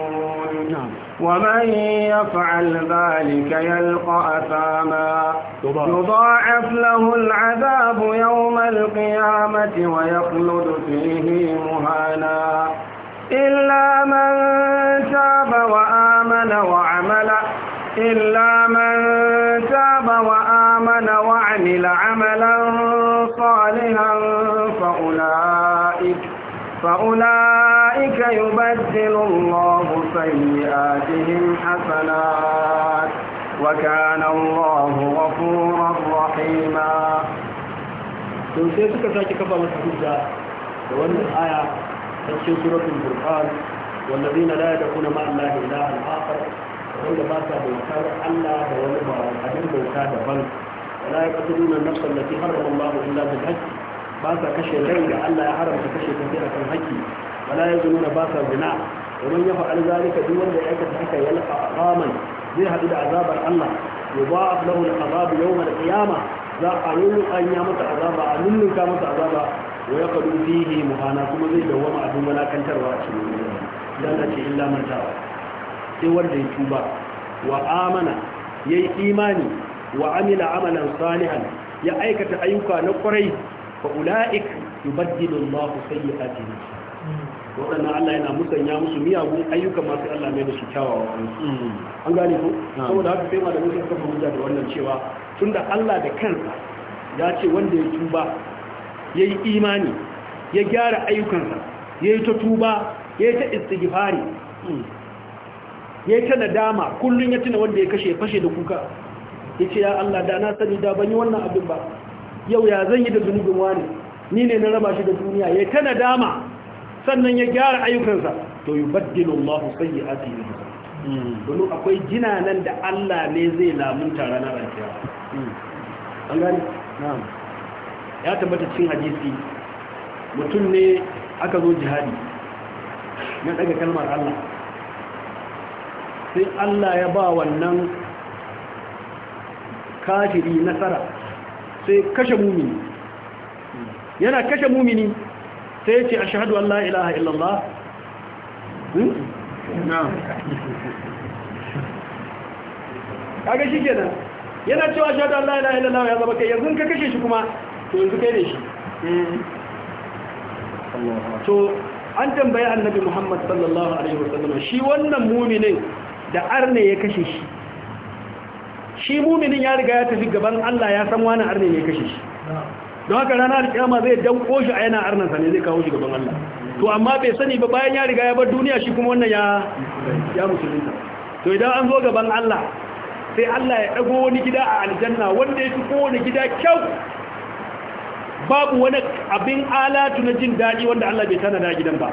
نعم. ومن يفعل ذلك يلقى أثاما يضاعف له العذاب يوم القيامة ويخلد فيه مهانا إلا من تاب وآمن وعمل إلا من تاب وآمن وعمل عملا صالحا فأولئك فأولئك يبدل الله سيئاتهم حسنات وكان الله غفورا رحيما. Sosai suka sake kafa masa hujja cikin suratul furqan والذين لا na مع الله إلها آخر wanda ba ta bautar Allah da wani ba abin bauta daban wala ya kasu nuna nafsan da ke haramun illa bil haƙƙi ba sa kashe rai da Allah ya haramta kashe ta sai kan haƙƙi wala ya ba sa zina domin ya fa'al zalika duk wanda ya aikata haka ya lafa azaman zai haɗu da azabar Allah yudha'af lahu al-azab yawm al-qiyamah za a yi ya masa azaba a lullunka masa azaba wa yaqulu fihi muhana kuma zai dawama abin walakantarwa a cikin wurin dan ce illa man sai wanda ya tuba wa amana yi imani wa amila amalan salihan ya aikata ayyuka na kwarai fa ulaik yubaddilu Allah sayyi'atihim waɗannan Allah yana musanya musu miyagun ayyuka masu Allah mai da su kyawawa an gane ku. saboda haka sai malamin suka kafa hujja da wannan cewa da Allah da kansa ya ce wanda ya tuba ya yi imani ya gyara ayyukansa ya yi ta tuba ya yi ta istighfari ya yi ta nadama kullum ya tuna wanda ya kashe fashe da kuka ya ce ya Allah da na sani da ban yi wannan abin ba yau ya zan yi da zunubin wani ni ne na raba shi da duniya ya ta nadama sannan ya gyara ayyukansa to yi baddin Allah sai ya ati domin akwai jina nan da Allah ne zai lamunta ranar alkiyar an gani na'am ya tabbata cikin hadisi mutum ne aka zo jihadi na daga kalmar Allah sai Allah ya ba wannan kafiri nasara sai kashe mumini yana kashe mumini sai ya ce a shahadu Allah ilaha illallah hmm? kaga shi kenan yana cewa shahadu Allah ilaha illallah ya zama kai yanzu ka kashe shi kuma to yanzu kai ne shi to an tambayi annabi muhammad sallallahu alaihi wasallam shi wannan muminin da arne ya kashe shi shi muminin ya riga ya tafi gaban allah ya san wani arne ya kashe shi don haka ranar kiyama zai danko shi a yana arnansa ne zai kawo shi gaban allah to amma bai sani ba bayan ya riga ya bar duniya shi kuma wannan ya ya musulunta to idan an zo gaban allah sai allah ya ɗago wani gida a aljanna wanda ya fi kowane gida kyau babu wani abin alatu na jin daɗi wanda Allah bai tana da gidan ba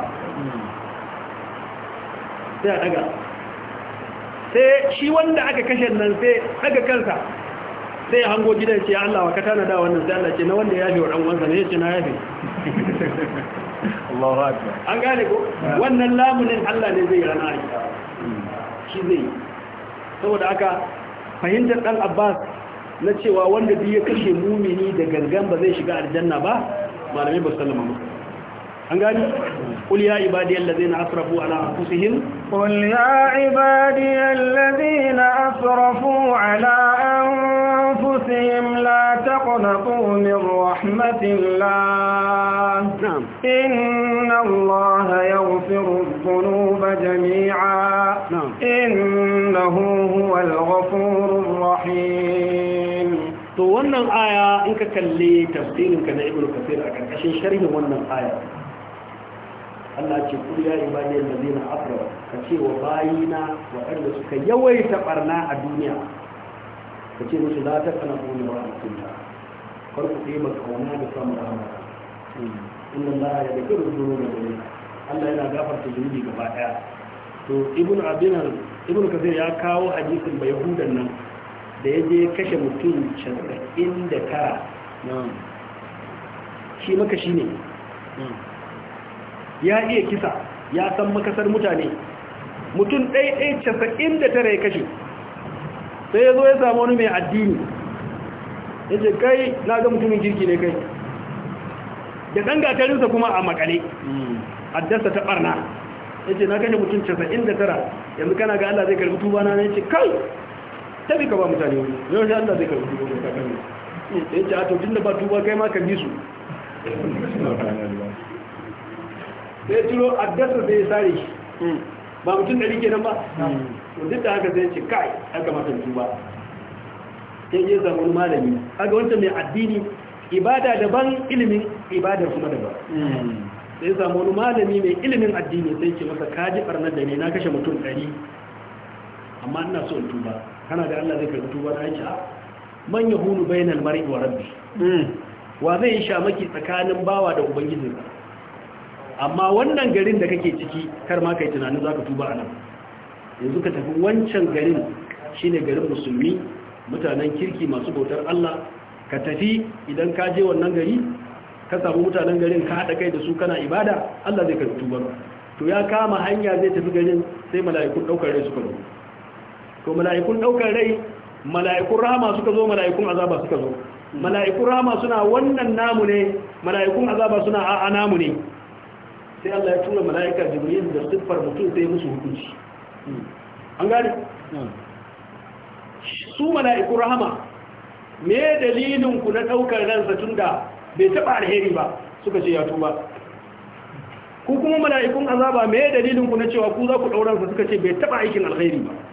sai a daga sai shi wanda aka kashe nan sai daga kansa sai ya hango gidan ce Allah wa ka tana da wannan sai Allah ce na wanda ya fi wa ɗanwansa ne ya ce na ya fi an gane ko wannan lamunin Allah ne zai rana a shi zai saboda aka fahimtar ɗan Abbas na cewa wanda biyu ya kashe mumini da gangan ba zai shiga aljanna ba malamai ba sallama mu an gani qul ya ibadiyal ladina asrafu ala anfusihim qul ya ibadiyal ladina asrafu ala anfusihim la taqnatu min rahmatillah inna allaha yaghfiru dhunuba jami'a innahu huwal ghafurur rahim to wannan aya in ka kalli tafsirinka na ibn kafir a karkashin sharhin wannan aya Allah ce kul ya ibadiyal ladina asra ka ce wa bayina wa anda suka yawaita barna a duniya ka ce musu la ta kana ko ne wa alkunta kar ku yi wani da samu rahama inna Allah ya dakiru da jami'a Allah yana gafarta zunubi gaba daya to ibn abinan ibnu kafir ya kawo hadisin bayhudan nan da ya je kashe mutum casa'in da tara shi maka shi ne ya iya kisa ya san makasar mutane mutum ɗaiɗai casa'in da tara ya kashe sai ya zo ya samu wani mai addini ya ce kai na ga mutumin kirki ne kai da ɗan gatarinsa kuma a makale hmm. haddasa ta ɓarna ya ce na kashe mutum casa'in da tara yanzu kana ga Allah zai karbi tubana na ya ce kai tabi ka ba mutane yau shi Allah zai karfi tuba ka kan ya ce a to tunda ba tuba kai ma ka bi su sai turo addasa zai sare shi hmm. ba mutum ɗari nan ba duk da haka zai ce kai haka matan tuba sai yi zama wani malami haka wancan mai addini ibada daban ilimin ibada kuma daban sai ya zama wani malami mai ilimin addini sai ce masa kaji barnar da ne na kashe mutum ɗari amma ina so tuba kana da Allah zai karbi tuba na aisha man yahunu bainal mar'i wa rabbi hmm. wa zai yi shamaki tsakanin bawa da ubangiji amma wannan garin da kake ciki kar ma kai tunanin zaka tuba anan yanzu ka tafi wancan garin shine garin musulmi mutanen kirki masu bautar Allah ka tafi idan ka je wannan gari ka samu mutanen garin ka haɗa kai da su kana ibada Allah zai karbi tuba to ya kama hanya zai tafi garin sai mala'iku ɗaukar rai suka zo to mala'ikun daukar rai mala'ikun rahama suka zo mala'ikun azaba suka zo mala'ikun rahama suna wannan namu ne mala'ikun azaba suna a'a namu ne sai Allah ya tura mala'ika jibril da siffar mutum sai musu hukunci an gani su mala'ikun rahama me dalilin ku na daukar ransa tunda bai taba alheri ba suka ce ya tuba ku kuma mala'ikun azaba me dalilin ku na cewa ku za ku dauransa suka ce bai taba aikin alheri ba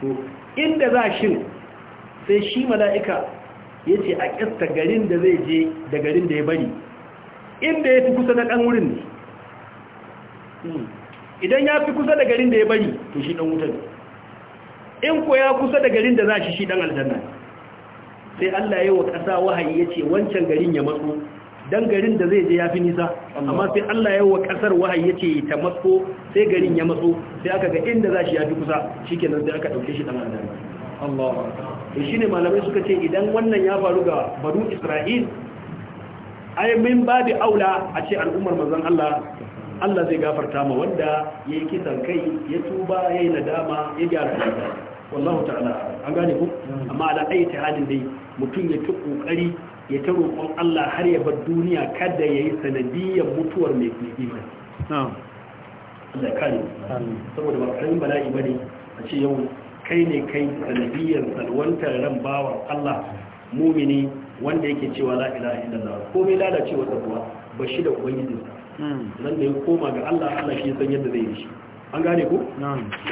to inda za shi sai shi mala'ika ya ce a ƙasta garin da zai je da garin da ya bari inda ya fi kusa na ɗan wurin ne idan ya fi kusa da garin da ya bari to shi ɗan wutar in ko ya kusa da garin da za shi shi ɗan aljanna sai Allah ya wa ƙasa wahayi ya ce wancan garin ya matso dan garin da zai je ya fi nisa amma sai Allah ya wa kasar wahayi ta matso sai garin ya matso sai aka ga inda za shi ya fi kusa shikenan sai aka dauke shi dan Allah Allah shi ne malamai suka ce idan wannan ya faru ga banu Isra'il ai min babi aula a ce al'ummar manzon Allah Allah zai gafarta ma wanda yayi kisan kai ya tuba yayi nadama ya gyara wallahu ta'ala an gane ku mm. amma ala ayi halin dai mutum ya ci kokari ya ta roƙon Allah har ya bar duniya kada ya yi sanadiyar mutuwar mai imani Allah ya kare saboda ba karamin bala'i ba ne a ce yau kai ne kai sanadiyyar salwantar ran bawa Allah mumini wanda yake cewa la ilaha illallah ko mai wata kuwa ba shi da ubangijinsa nan da ya koma ga Allah Allah shi san yadda zai yi shi an gane ko?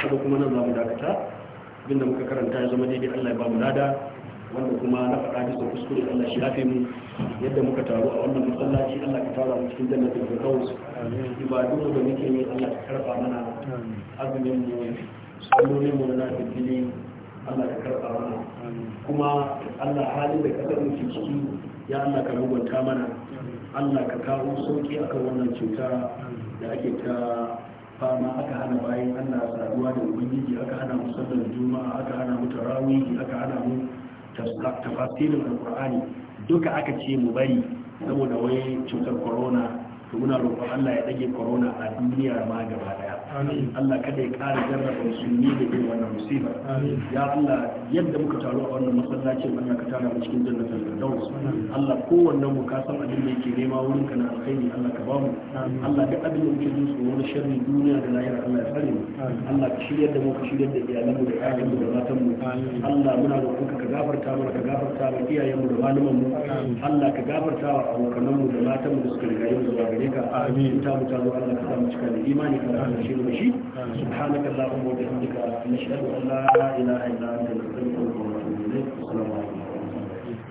kada kuma nan za mu dakata abinda muka karanta ya zama daidai Allah ya ba mu lada wanda kuma na faɗa bisa kuskure Allah shi yafe mu yadda muka taru a wannan masallaci Allah ka tara mu cikin jannatin firdaus ibadu da muke yi Allah ka karba mana azumin mu sallolin mu na fitili Allah ka karba mana kuma Allah halin da kasar mu ke ciki ya Allah ka rugunta mana Allah ka kawo sauki akan wannan cuta da ake ta fama aka hana bayan Allah saduwa da ubangiji aka hana mu sallar juma'a aka hana mu tarawihi aka hana mu tafasirin alkur'ani duka aka ce mu bari saboda wai cutar corona to muna roƙon Allah ya dage corona a duniya ma gaba daya Amin. Allah kada ya ƙara jarraba musulmi da irin wannan musiba Amin. ya Allah yadda muka taru a wannan masallaci Allah ka tara mu cikin jannatul firdaus Allah kowanne mu ka san abin da yake nema wurin ka na alkhairi Allah ka ba mu Allah duk abin da muke jin tsoro na sharri duniya da lahira Allah ya tsare mu Allah ka shiryar da mu ka shiryar da iyalan mu da ƴaƴan mu da matan mu Allah muna roƙon ka ka gafarta mana ka gafarta wa iyayen mu da malaman mu Allah ka gafarta wa abokanan mu da matan mu da suka riga yau zuwa gare ka amin ta mu ta zo Allah ka sa mu cika da imani ka da shi amfani da shi subhanaka allahumma wa bihamdika nashhadu an la ilaha illa anta nastaghfiruka wa natubu ilayk assalamu alaikum